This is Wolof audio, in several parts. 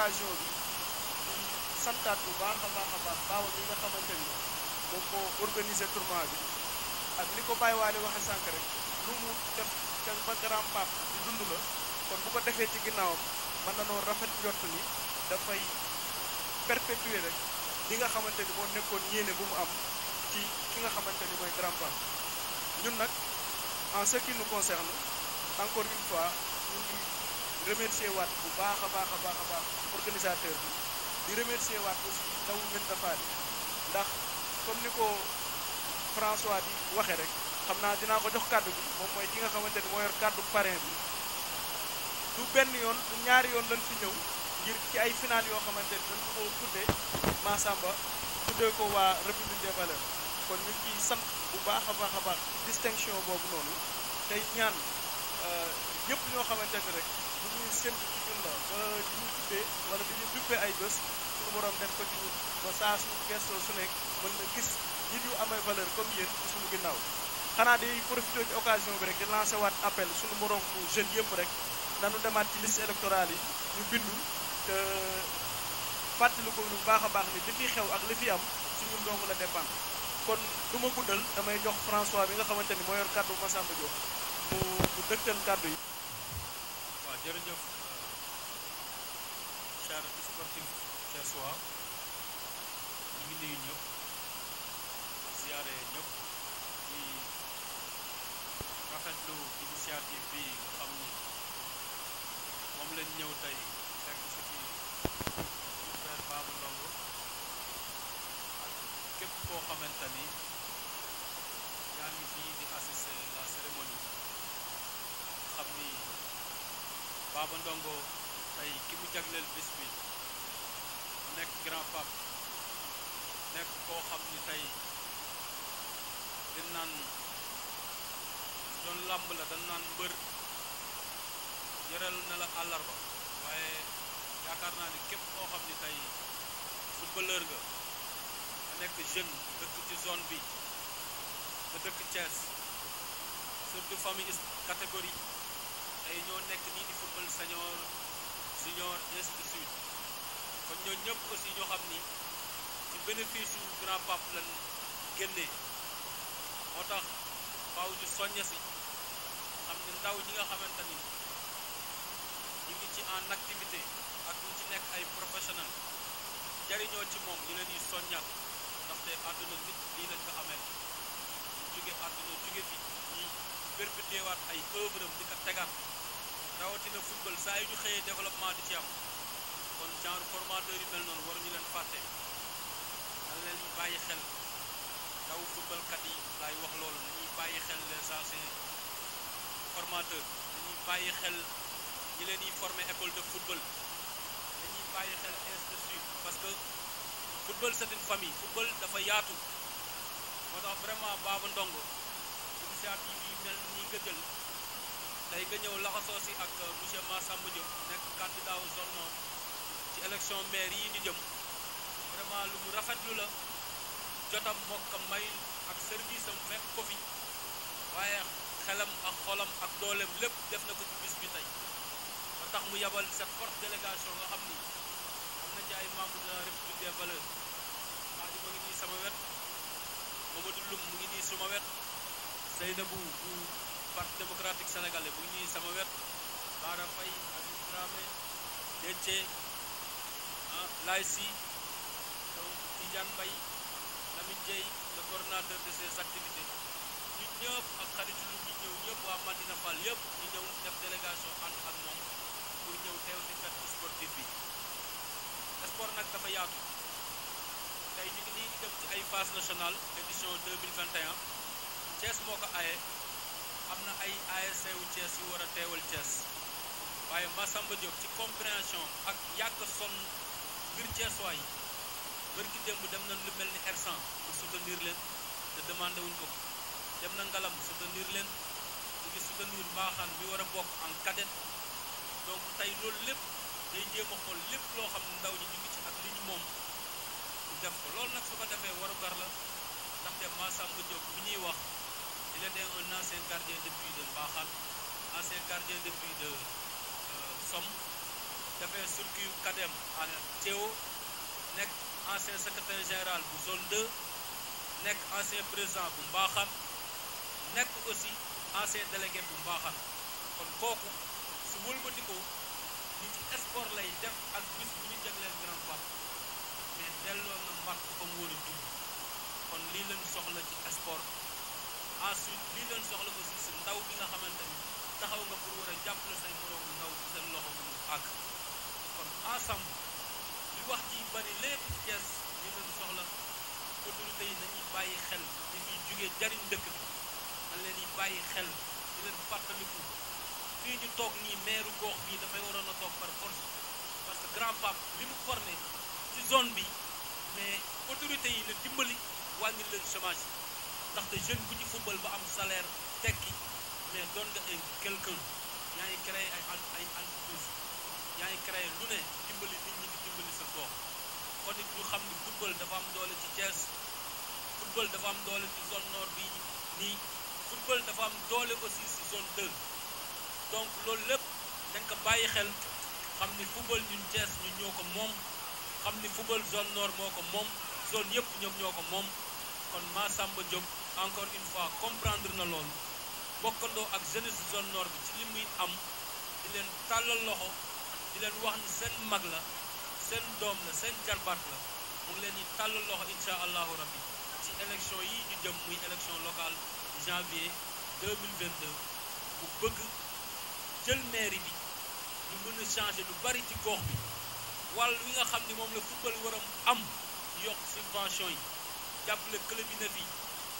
occasion bi santaat bu baax a baax a baax baawa bi nga xamante ni moom moo organisé tournoi bi ak li ko Baye Waly waxe sànq rek lu mu def ca ba grand pape di dund la kon bu ko defee ci ginnaawam mën na noo rafet jot ni dafay perpétuer rek li nga xamante ni moo nekkoon yéene bu mu am ci ki nga xamante ni mooy grand pape ñun nag en ce qui nous concerne encore une fois remercier waat bu baax a baax a baax a organisateur bi di remercier waat aussi ndaw men dafaari ndax comme ni ko François bi waxee rek xam naa dinaa ko jox kàddu bi moom mooy ki nga xamante ni moo yor kàddu parrain bi du benn yoon du ñaari yoon lañ fi ñëw ngir ci ay final yoo xamante ni dañ ko tuddee Massamba tuddee ko waa République des Valeurs kon ñu ciy sant bu baax a baax a baax distinction boobu noonu tey ñaan ñëpp ñoo xamante ne rek bu ñuy séntu ci ñun la ba di ñu wala di ñu duppee ay bés suñu borom def ko ci ñun ba saa su nekk mën na gis nit yu amee valeur comme yéen ci suñu ginnaaw xanaa di profité ci occasion bi rek di waat appel suñu morom bu jeune yëpp rek nanu demaat ci liste électorale yi ñu bindu te fàttali ko lu baax a baax ni li fi xew ak li fi am ci ñun la dépendre kon du ma guddal damay jox François bi nga xamante ni moo yor kàddu Massamba Diop mu mu yi jërëjëf euh, cher sportif Thiessois ñu ngi nuyu ñëpp siyaare ñëpp di rafetlu initiative bi nga xam ni moom lañ ñëw tey fekk si fi ñu frère Ndongo képp koo xamante ni yaa ngi fii di assister la cérémonie xam ni Baba Ndongo tey ki mu jagleel bis bi nekk grand pape nekk koo xam ni tey dinaan doon làmb la dañ naan mbër yoreelu na la àllarba waaye yaakaar naa ni képp koo xam ni tey footballeur nga nga nekk jeune dëkk ci zone bi nga dëkk Thiès surtout famille catégorie tey ñoo nekk nii di football senior junior ainsi de suite kon ñoo ñëpp aussi ñoo xam ni ci bénéfice su grand pape lan génnee moo tax faaw ñu soññe si xam ne ndaw ñi nga xamante ni ñu ngi ci en activité ak ci nekk ay professionnel jariñoo ci moom ñu leen di soññal ndaxte àdduna nit lii lañ ko amee ñu jóge àdduna jóge fi ñuy perpétuer ay œuvre am di ko tegaat rawatina football saa yu ñu xëyee développement di ci am kon genre formateur yu mel noonu waruñu leen fàtte dañ leen bàyyi xel ndaw footballkat yi laay wax loolu nañuy bàyyi xel les anciens formateurs nañuy bàyyi xel ñi leen yi former école de football dañuy bàyyi xel institut parce que football c'est une famille football dafa yaatu moo tax vraiment Baba Ndongo initiative yi mel nii nga jël tey nga ñëw laxasoo si ak euh, monsieur Massamba Diop nekk candidat wu zone nord ci élection maire yi ñu jëm vraiment lu mu lu la jotam mokk may ak service am fekk ko fi waaye xelam ak xolam ak dooleem lépp def na ko ci bis bi tey ba tax mu yabal cette forte délégation nga xam ni am na ci ay membres de la République des valeurs Xaadi ma ngi nii sama wet Mamadou Loum mu ngi nii suma wet Seynabou bu parti démocratique sénégalais bu ñuy sama wet Bara Faye Habib Dramé Déthié ah Laye Sy donc Tidiane Mbaye Lamine Dieye de ces activités ñu ñëpp ak xaritu lu ñëw ñëpp waa Madina Fall yëpp ñu ñëw def délégation ànd ak moom pour ñëw teew ci fête sportive sport nag dafa yaatu tey ñu ngi nii di dem ci ay phase nationale édition 2021 moo ko aye am na ay ASC wu Thiès yu war a teewal Thiès waaye Massamba Diop ci compréhension ak yàgg sonn ngir Thiès waay bërki démb dem nañ lu mel ni R100 pour leen te demandé wuñ ko dem na ngalam soutenir leen ñu ngi soutenir mbaaxaan bi war a bokk am cadet donc tey loolu lépp day jéem a xool lépp loo xam ne ndaw ñi ñu ngi ci moom ñu def ko loolu nag su ko defee warugar la ndaxte Massamba Diop mi ñuy wax. Il était un ancien gardien de but de Mbaxal, ancien gardien de but de euh, Somme dafay circuit Kadem à Théo nekk ancien secrétaire général bu zone de nekk ancien président bu Mbaxal nekk aussi ancien délégué bu Mbaxal kon kooku su wëlbatikoo ñu ci sport lay def ak bis bu ñu jagleel grand part mais delloo na mbatt ko mu war kon lii lañu soxla ci sport ensuite lii leen soxla aussi si ndaw bi nga xamante ni taxaw nga pour war a jàppale say moroomu ndaw ci seen loxo mu àgg kon ensemble li wax ji bari lépp Cees lii leen soxla autorité yi nañuy bàyyi xel li ñuy jariñ dëkk bi na leen di leen fàttaliku fii ñu toog nii meeru gox bii dafay waroon a toog par force parce que grand pape li mu formé ci zone bi mais autorité yi la dimbali wàññi leen chômage ndaxte jeune bu ci football ba am saleer tekki mais doon nga ay quelqu'un yaa ngi créé ay ay entreprise yaa ngi créé lu ne dimbali nit ñi dimbali sa gox kon it xam ni football dafa am doole ci Thiès football dafa am doole ci zone nord bi nii football dafa am doole aussi ci zone 2 donc loolu lépp dañ ko bàyyi xel xam ni football ñun Thiès ñun ñoo ko moom xam ni football zone nord moo ko moom zone yëpp ñoom ñoo ko moom kon maa Massamba Diop encore une fois comprendre na loolu bokkandoo ak jeunesse zone nord bi ci li muy am di leen tàllal loxo di leen wax ni seen mag la seen doom la seen jarbaat la mu leen di tàllal loxo incha allahu rabbi ci élection yi ñu jëm muy élection locale janvier 2022 bu bëgg jël mairie bi ñu mën changé changer lu bari ci gox bi wàll wi nga xam ni moom la football war a am yokk subvention yi jàppale club yi na fii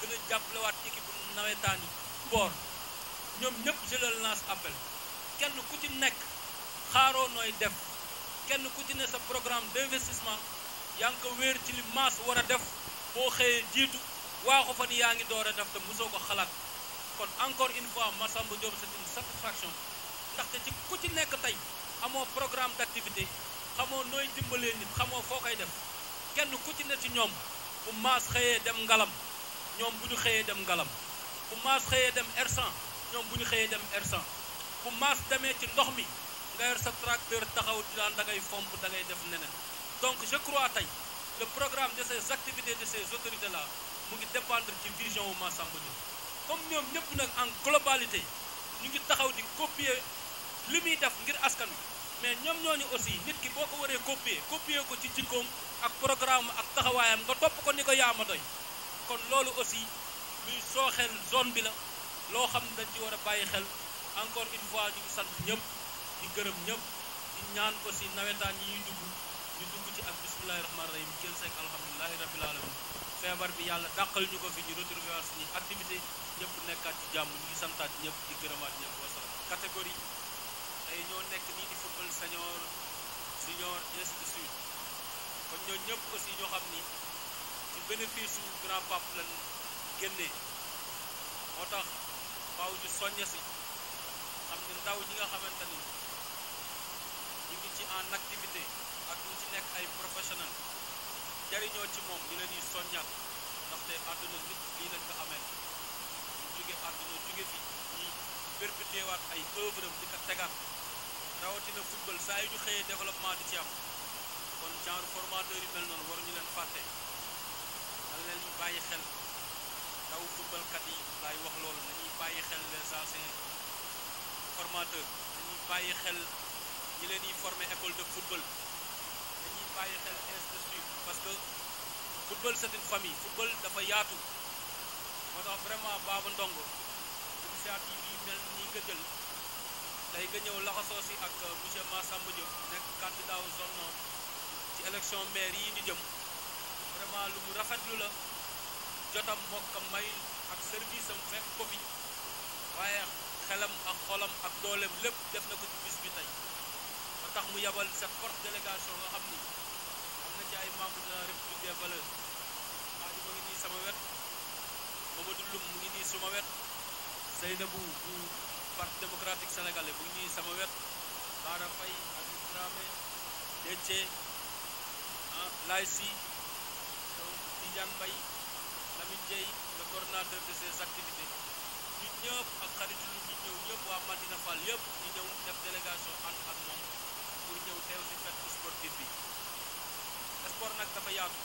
gën a jàppalewaat équipe nawetaan yi sport ñoom ñëpp je lance appel kenn ku ci nekk xaaroo nooy def kenn ku ci ne sa programme d'investissement yaa ngi ko wéer ci li maas war a def boo xëyee jiitu waaxu fa ni yaa ngi door a def te mosoo ko xalaat kon encore une fois Massamba Diop c'est une satisfaction ndaxte ci ku ci nekk tey amoo programme d'activité xamoo nooy dimbalee nit xamoo foo koy def kenn ku ci ne ci ñoom bu maas xëyee dem ngalam ñoom bu ñu xëyee dem ngalam bu maas xëyee dem r ñoom bu ñu xëyee dem R100 bu demee ci ndox mi nga yor sa tracteur taxaw di daan da ngay fomp da def neneen donc je crois tey le programme de ces activités de ces autorités là mu ngi dépendre ci vision wu Massamba Diop comme ñoom ñëpp nag en globalité ñu ngi taxaw di copier li muy def ngir askan wi mais ñoom ñoo ñooñu aussi nit ki boo ko waree copier copier ko ci jikkoom ak programme ak taxawaayam nga topp ko ni ko yaama doy kon loolu aussi luy sooxeel zone bi la loo xam ne dañ ci war a bàyyi xel encore une fois ñu ngi sant ñëpp di gërëm ñëpp di ñaan aussi nawetaan yi ñuy dugg ñu dugg ci ak bismillahi rahmaani rahim jël seeg alhamdulilahi rabbil alamin feebar bi yàlla dàqal ñu ko fi ñu retrouver suñu activité ñëpp nekkaat ci jàmm ñu ngi santaat ñëpp di gërëmaat ñëpp wasalaam catégorie tey ñoo nekk nii di football senior senior ainsi de suite kon ñoo ñëpp aussi ñoo xam ni bénéfice su grand pape lan génnee moo tax baw ñu soññe si xam ne ndaw ñi nga xamante ni ñu ngi ci en activité ak ñu ci nekk ay professionnel jariñoo ci moom ñu leen di soññaat ndaxte àdduna nit lii lañ ko amee ñu jóge àdduna jóge fi ñuy perpétuer ay œuvre di ko tegaat rawatina football saa yu ñu xëyee développement di ci am kon genre formateur yi mel noonu waruñu leen fàtte. na ñu bàyyi xel ndaw footballkat yi laay wax loolu nañuy bàyyi xel les anciens formateurs nañuy bàyyi xel ñi leen di former école de football nañuy bàyyi xel institut parce que football c'est famille football dafa yaatu moo tax vraiment Baba Ndongo initiative yi mel ni nga jël tey nga ñëw laxasoo si ak euh, monsieur Massamba Diop nekk candidat zone nord ci élection maire yi ñu jëm vraiment lu mu lu la jotam mokka may ak service am fekk ko waaye xelam ak xolam ak dooleem lépp def na ko ci bis bi tey ba tax mu yabal cette forte délégation nga xam ni am na ci ay membres de la République des valeurs Xaadim ngi nii sama wet Mamadou Loum mu ngi nii suma wet Seynabou bu parti démocratique sénégalais mu ngi nii sama wet Bara Faye Habib Dramé Déthié ah Tidiane Mbaye Lamine Dieye le coordonnateur de ces activités ñu ñëpp ak xarit lu ñu ñëw ñëpp waa Madina yëpp ñu ñëw def délégation ànd ak pour ñëw teew si fête sportive bi sport nag dafa yaatu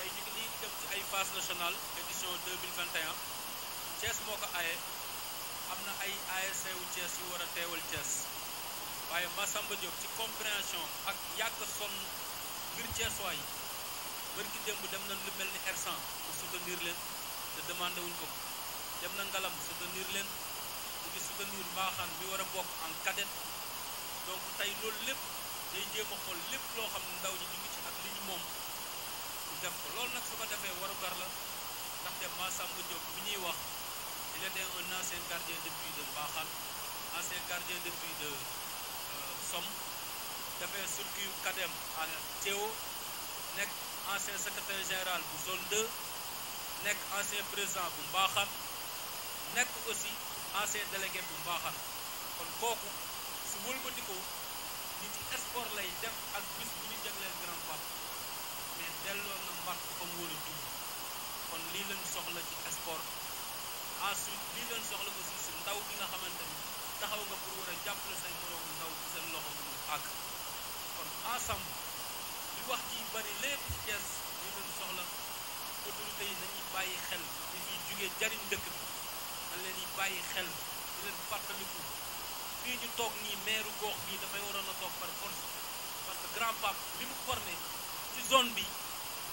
tey ñu ngi nii di dem ci ay phase nationale édition 2021 Thiès moo ko aye am na ay ASC wu Thiès yu war a teewal Thiès waaye Massamba Diop ci compréhension ak yàgg sonn ngir Thiès bari ci démb dem nañ lu mel ni R100 pour leen te demandé wuñ ko dem na ngalam soutenir leen mu ngi soutenir mbaaxaan bi war a bokk en cadet donc tey loolu lépp day jéem xool lépp loo xam ne ndaw ñi ñu ngi ci ak li ñu moom ñu def ko loolu nag su ko defee warugar la ndaxte Massamba Diop mi ñuy wax il était un ancien gardien de but de mbaaxaan ancien gardien de but de euh, Somme dafay circuit cadem à Théo nekk ancien secrétaire général bu zone 2 nekk ancien président bu mbaaxam nekk aussi ancien délégué bu mbaaxam kon kooku su wëlbatikoo ñu ci sport lay def ak bis bu ñu jagleel grand papa mais delloo na mbatt fa mu war a kon lii lañ soxla ci sport ensuite lii lañ soxla aussi si ndaw bi nga xamante taxaw nga pour war a jàppale say moroomu ndaw bu seen loxo mu àgg kon ensemble wax ji bari lépp Cees ñu doon soxla autorité yi nañuy bàyyi xel di ñuy jugee jariñ dëkk bi na leen yi bàyyi xel di leen fàttaliku fii ñu toog nii meeru goox bii dafay waroon a toog par force parce que grand pape li mu formé ci zone bi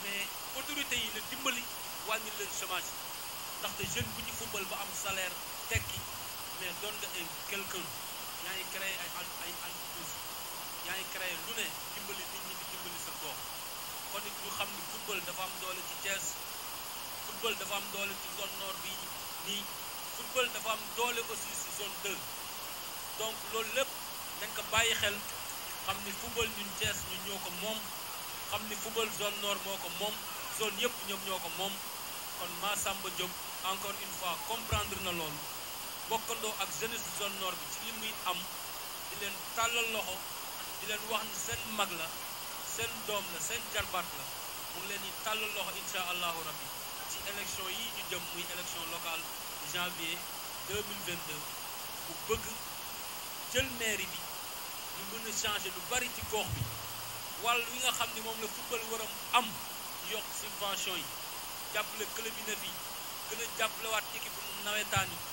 mais autorité yi na dimbali wàññi leen chômage ndaxte jeune bu ci football ba am saleer tekki mais doon nga ay quelqu'un yaa ngi créé ay ay entreprise yaa ngi créé lu ne dimbali nit ñi ministre boobu kon it xam ni football dafa am doole ci Thiès football dafa am doole ci zone nord bi nii football dafa am doole aussi ci zone 2 donc loolu lépp dañ ko bàyyi xel xam ni football ñun Thiès ñun ñoo ko moom xam ni football zone nord moo ko moom zone yëpp ñoom ñoo ko moom kon Massamba Diop encore une fois comprendre na loolu bokkandoo ak jeunesse zone nord bi ci li muy am di leen tàllal loxo di leen wax ni seen mag la seen doom la seen jarbaat la mu leen di tàllal loxo insha allahu rabbi ci élection yi ñu jëm muy élection locale janvier 2022 bu bëgg jël mairie bi ñu mën a changer lu bari ci gox bi wàll wi nga xam ni moom la football war a am yokk subvention yi jàppale club yi na fi gën a jàppalewaat équipe nawetaan yi